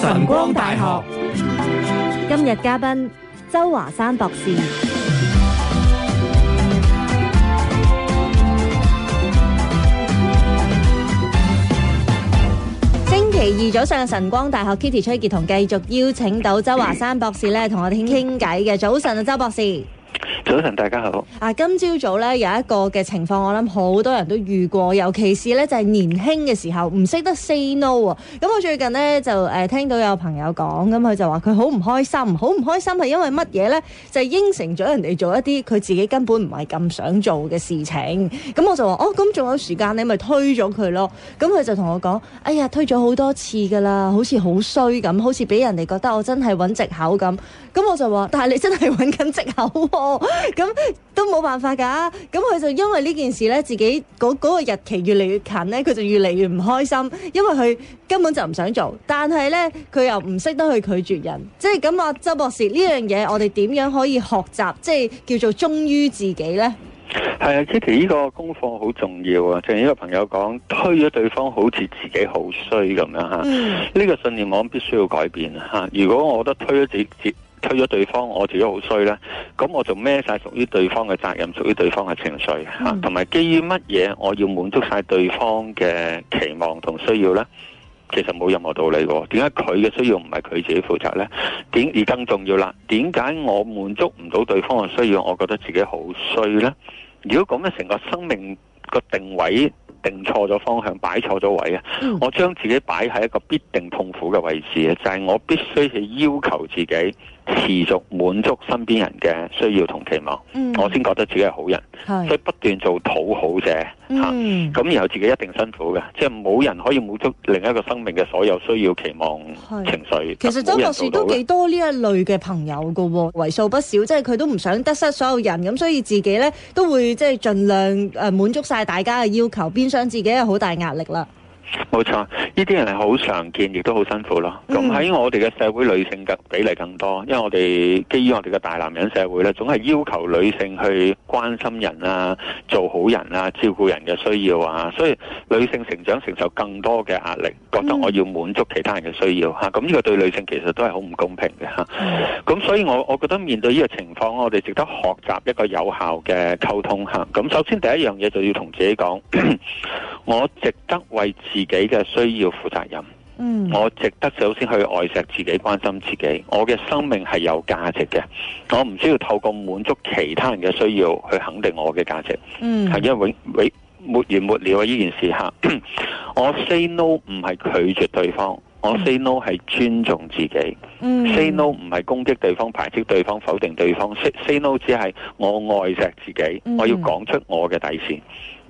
晨光大學今日嘉賓周華山博士。星期二早上嘅晨光大學，Kitty 崔潔同繼續邀請到周華山博士咧，同我哋傾傾偈嘅。早晨啊，周博士。早晨，大家好。啊，今朝早咧有一個嘅情況，我諗好多人都遇過，尤其是咧就係、是、年輕嘅時候唔識得 say no 啊、哦。咁、嗯、我最近咧就誒、呃、聽到有朋友講，咁、嗯、佢就話佢好唔開心，好唔開心係因為乜嘢咧？就是、應承咗人哋做一啲佢自己根本唔係咁想做嘅事情。咁、嗯、我就話哦，咁、嗯、仲有時間你咪推咗佢咯。咁、嗯、佢就同我講：哎呀，推咗好多次㗎喇，好似好衰咁，好似俾人哋覺得我真係揾藉口咁。咁、嗯、我就話：但係你真係揾緊藉口、哦。咁 都冇辦法噶、啊，咁佢就因為呢件事呢，自己嗰、那、嗰、個嗰個日期越嚟越近呢，佢就越嚟越唔開心，因為佢根本就唔想做，但係呢，佢又唔識得去拒絕人，即係咁，阿周博士，呢樣嘢，我哋點樣可以學習即係叫做忠於自己呢？係啊，Judy 呢個功課好重要啊！正如呢個朋友講，推咗對方好似自己好衰咁樣吓，呢個信念我必須要改變吓。如果我覺得推咗自己，推咗對方，我自己好衰咧。咁我就孭晒屬於對方嘅責任，屬於對方嘅情緒嚇，同埋、嗯、基於乜嘢我要滿足晒對方嘅期望同需要呢？其實冇任何道理喎。點解佢嘅需要唔係佢自己負責呢？點而更重要啦？點解我滿足唔到對方嘅需要，我覺得自己好衰呢？如果咁樣成個生命個定位定錯咗方向，擺錯咗位啊！嗯、我將自己擺喺一個必定痛苦嘅位置嘅，就係、是、我必須去要求自己。持續滿足身邊人嘅需要同期望，嗯、我先覺得自己係好人，是所以不斷做討好者，吓咁、嗯啊、然後自己一定辛苦嘅，即係冇人可以滿足另一個生命嘅所有需要、期望、是情緒緒。其實周博士都幾多呢一類嘅朋友噶，為數不少，即係佢都唔想得失所有人，咁所以自己呢，都會即係盡量誒滿足晒大家嘅要求，變相自己係好大壓力啦。冇錯，呢啲人係好常見，亦都好辛苦咯。咁喺我哋嘅社會，女性嘅比例更多，因為我哋基於我哋嘅大男人社會咧，總係要求女性去關心人啊，做好人啊，照顧人嘅需要啊，所以女性成長承受更多嘅壓力，覺得我要滿足其他人嘅需要吓，咁呢個對女性其實都係好唔公平嘅吓。咁所以我我覺得面對呢個情況，我哋值得學習一個有效嘅溝通吓。咁首先第一樣嘢就要同自己講。我值得為自己嘅需要負責任。嗯，我值得首先去愛錫自己、關心自己。我嘅生命係有價值嘅。我唔需要透過滿足其他人嘅需要去肯定我嘅價值。嗯，係因為永永沒完沒了呢件事吓， 我 say no 唔係拒絕對方。我 say no 係尊重自己、mm hmm.，say no 唔係攻擊對方、排斥對方、否定對方，say say no 只係我愛錫自己，mm hmm. 我要講出我嘅底線。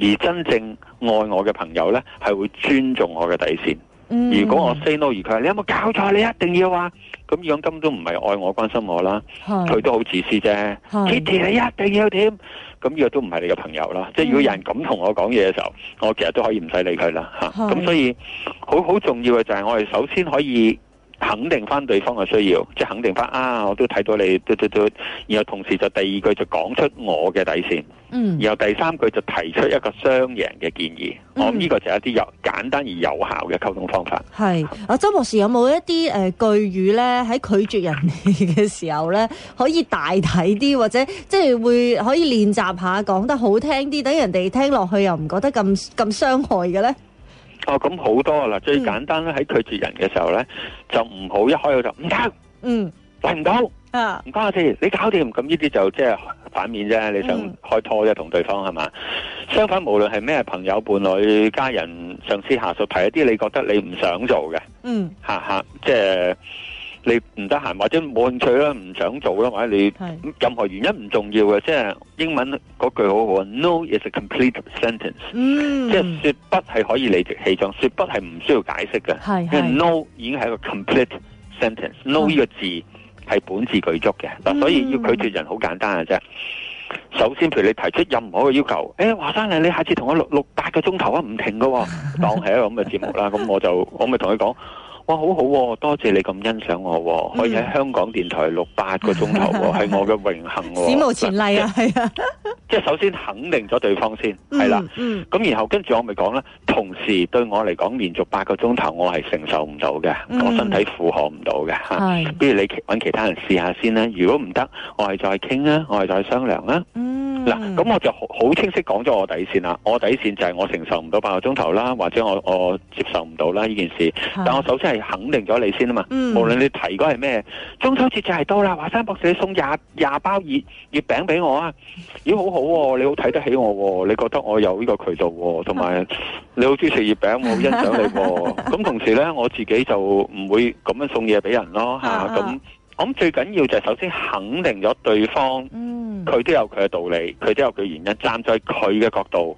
而真正愛我嘅朋友咧，係會尊重我嘅底線。如果我 say no 而佢話你有冇搞錯?你一定要話啊?咁養金都唔係愛我、關心我啦，佢是的 都好自私啫。堅持是的 你一定要點，咁呢個都唔係你嘅朋友啦。是的 即係如果有人咁同我講嘢嘅時候，我其實都可以唔使理佢啦。嚇是的、啊，咁所以好好重要嘅就係我哋首先可以，肯定翻對方嘅需要，即係肯定翻啊！我都睇到你，都都都，然後同時就第二句就講出我嘅底線，嗯，然後第三句就提出一個雙贏嘅建議。嗯、我諗呢個就係一啲有簡單而有效嘅溝通方法。係，阿周博士有冇一啲誒句語呢？喺拒絕人哋嘅時候呢，可以大體啲，或者即係會可以練習下講得好聽啲，等人哋聽落去又唔覺得咁咁傷害嘅呢？哦，咁好多啦！最簡單咧，喺、嗯、拒絕人嘅時候咧，就唔好一開口就唔得，嗯，嚟唔到，啊，唔關我事，你搞掂。咁呢啲就即係反面啫，你想開拖啫，同、嗯、對方係嘛？相反，無論係咩朋友、伴侶、家人、上司、下屬，提一啲你覺得你唔想做嘅，嗯，嚇嚇，即係。你唔得閒，或者冇興趣啦，唔想做啦，或者你任何原因唔重要嘅。即係英文嗰句好好，no is a complete sentence、嗯、即係說不係可以理直氣壯，說不係唔需要解釋嘅，因為 no 已經係一個 complete sentence，no 的呢個字係本字具足嘅。嗱的所以要拒絕人好簡單嘅啫。嗯、首先譬如你提出任何嘅要求，誒華生，你下次同我錄錄八個鐘頭啊，唔停噶，哦，當係一個咁嘅節目啦，咁 我就我咪同佢講。哇，好好，多謝你咁欣賞我，可以喺香港電台錄八個鐘頭，係我嘅榮幸，史無前例啊，係啊，即係首先肯定咗對方先，係啦，咁然後跟住我咪講咧，同時對我嚟講，連續八個鐘頭我係承受唔到嘅，我身體負荷唔到嘅吓，不如你揾其他人試下先啦，如果唔得，我係再傾啦，我係再商量啦。嗱，咁、嗯、我就好清晰講咗我底線啦。我底線就係我承受唔到八個鐘頭啦，或者我我接受唔到啦呢件事。但我首先係肯定咗你先啊嘛。無論你提過係咩，中秋節就係多啦。華山博士 20, 20、啊哎好好啊，你送廿廿包月月餅俾我啊？咦，好好喎，你好睇得起我、啊，你覺得我有呢個渠道、啊，同埋你好中意食月餅，我好欣賞你、啊。咁、啊啊、同時咧，我自己就唔會咁樣送嘢俾人咯吓、啊。咁、啊啊啊啊，我諗最緊要就係首先肯定咗對方。嗯佢都有佢嘅道理，佢都有佢原因。站在佢嘅角度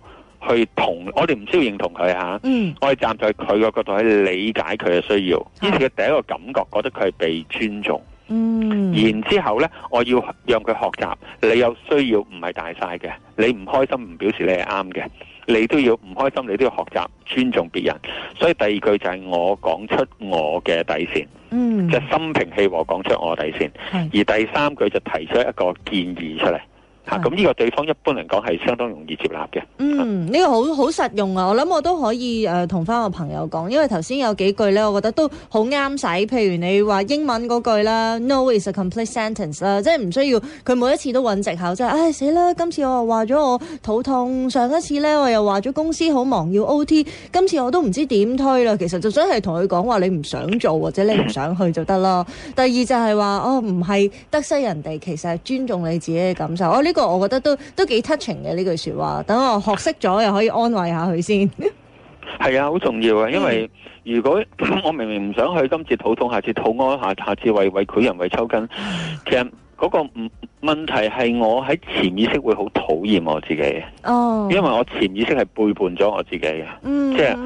去同，我哋唔需要認同佢吓，嗯，我哋站在佢嘅角度去理解佢嘅需要，呢次嘅第一個感覺覺得佢係被尊重。嗯，然之後咧，我要讓佢學習。你有需要唔係大晒嘅，你唔開心唔表示你係啱嘅，你都要唔開心，你都要學習尊重別人。所以第二句就係我講出我嘅底線，嗯，就係心平氣和講出我底線，是而第三句就提出一個建議出嚟。咁呢、啊呢個對方一般嚟講係相當容易接納嘅。嗯，呢、呢個好好實用啊！我諗我都可以誒同翻我朋友講，因為頭先有幾句咧，我覺得都好啱使。譬如你話英文嗰句啦，No is a complete sentence 啦、啊，即係唔需要佢每一次都揾藉口，即係唉死啦！今次我又話咗我肚痛，上一次咧我又話咗公司好忙要 OT，今次我都唔知點推啦。其實就真係同佢講話，你唔想做或者你唔想去就得啦。 第二就係話哦，唔係得失人哋，其實係尊重你自己嘅感受。我、哦、呢、呢個。我覺得都都幾 touching 嘅呢句說話，等我學識咗又可以安慰下佢先。係啊，好重要啊！因為如果、嗯嗯、我明明唔想去，今次肚痛，下次肚屙，下下次胃胃潰瘍、胃抽筋，其實嗰個唔問題係我喺潛意識會好討厭我自己。哦，因為我潛意識係背叛咗我自己嘅，嗯、即係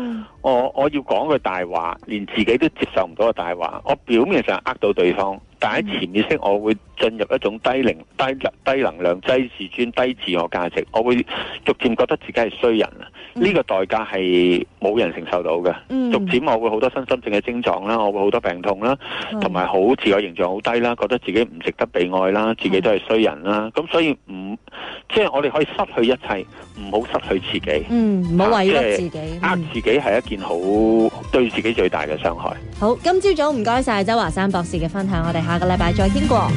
我我要講句大話，連自己都接受唔到個大話，我表面上呃到對方。但喺潛意識，我會進入一種低能、低低能量、低自尊、低自我價值。我會逐漸覺得自己係衰人啦。呢、嗯、個代價係冇人承受到嘅。嗯、逐漸我會好多身心症嘅症狀啦，我會好多病痛啦，同埋好自我形象好低啦，覺得自己唔值得被愛啦，自己都係衰人啦。咁、嗯、所以唔。即係我哋可以失去一切，唔好失去自己。嗯，唔好委屈自己，呃自己係一件好、嗯、對自己最大嘅傷害。好，今朝早唔該晒周華山博士嘅分享，我哋下個禮拜再傾過。